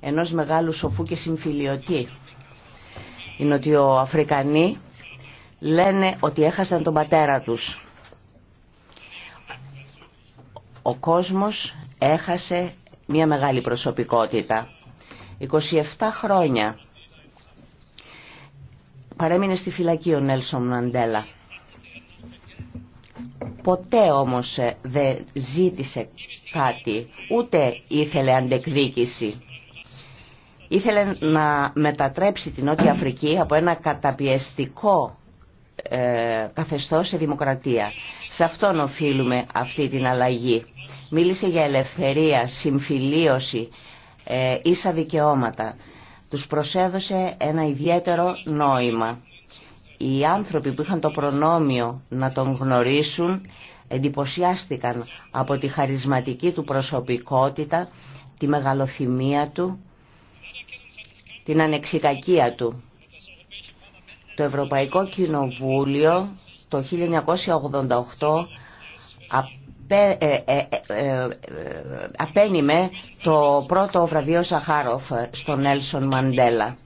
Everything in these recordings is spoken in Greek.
ενός μεγάλου σοφού και συμφιλιωτή. ο Αφρικανοί λένε ότι έχασαν τον πατέρα τους. Ο κόσμος έχασε μια μεγάλη προσωπικότητα. 27 χρόνια παρέμεινε στη φυλακή ο Νέλσον Μαντέλα. Ποτέ όμως ε, δεν ζήτησε κάτι, ούτε ήθελε αντεκδίκηση ήθελε να μετατρέψει την Νότια Αφρική από ένα καταπιεστικό ε, καθεστώς σε δημοκρατία. Σε αυτόν οφείλουμε αυτή την αλλαγή. Μίλησε για ελευθερία, συμφιλίωση, ε, ίσα δικαιώματα. Τους προσέδωσε ένα ιδιαίτερο νόημα. Οι άνθρωποι που είχαν το προνόμιο να τον γνωρίσουν εντυπωσιάστηκαν από τη χαρισματική του προσωπικότητα, τη μεγαλοθυμία του την ανεξιτακία του. Το Ευρωπαϊκό Κοινοβούλιο το 1988 ε, ε, ε, απένιμε το πρώτο βραβείο Σαχάροφ στον Έλσον Μαντέλα.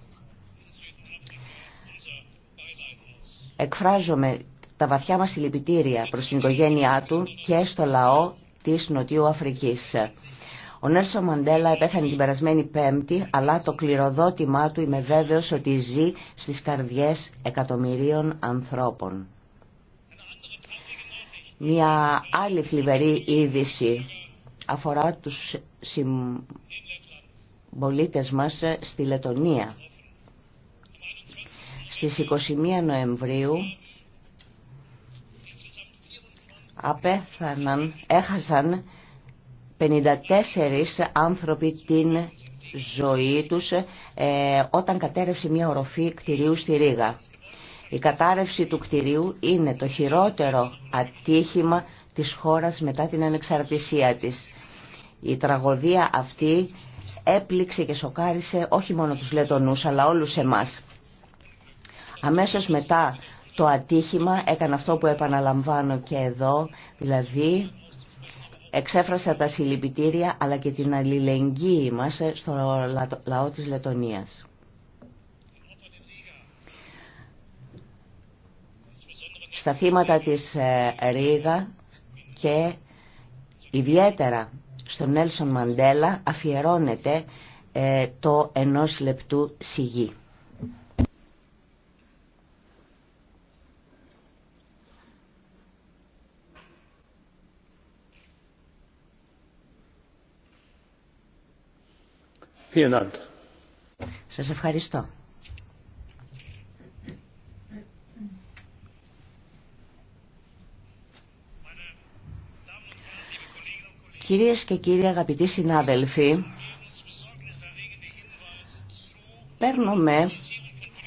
Εκφράζομαι τα βαθιά μας συλληπιτήρια προς την οικογένειά του και στο λαό της Νοτιού Αφρικής. Ο Νέρσο Μαντέλα επέθανε την περασμένη Πέμπτη, αλλά το κληροδότημά του είμαι βέβαιος ότι ζει στις καρδιές εκατομμυρίων ανθρώπων. Μια άλλη θλιβερή είδηση αφορά τους συμπολίτε μας στη Λετωνία. Στις 21 Νοεμβρίου απέθαναν, έχασαν 54 άνθρωποι την ζωή τους ε, όταν κατέρευσε μια οροφή κτηρίου στη Ρήγα. Η κατάρρευση του κτηρίου είναι το χειρότερο ατύχημα της χώρας μετά την ανεξαρτησία της. Η τραγωδία αυτή έπληξε και σοκάρισε όχι μόνο τους Λετονούς αλλά όλους εμάς. Αμέσως μετά το ατύχημα έκανε αυτό που επαναλαμβάνω και εδώ, δηλαδή Εξέφρασα τα συλληπιτήρια αλλά και την αλληλεγγύη μας ε, στο λαό της Λετωνίας. Στα θύματα της ε, Ρήγα και ιδιαίτερα στον Νέλσον Μαντέλα αφιερώνεται ε, το ενός λεπτού σιγή. Σας ευχαριστώ. Κυρίες και κύριοι αγαπητοί συνάδελφοι, παίρνουμε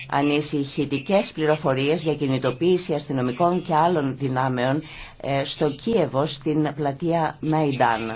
ανησυχητικές πληροφορίες για κινητοποίηση αστυνομικών και άλλων δυνάμεων ε, στο Κίεβο στην πλατεία Μαϊντάν.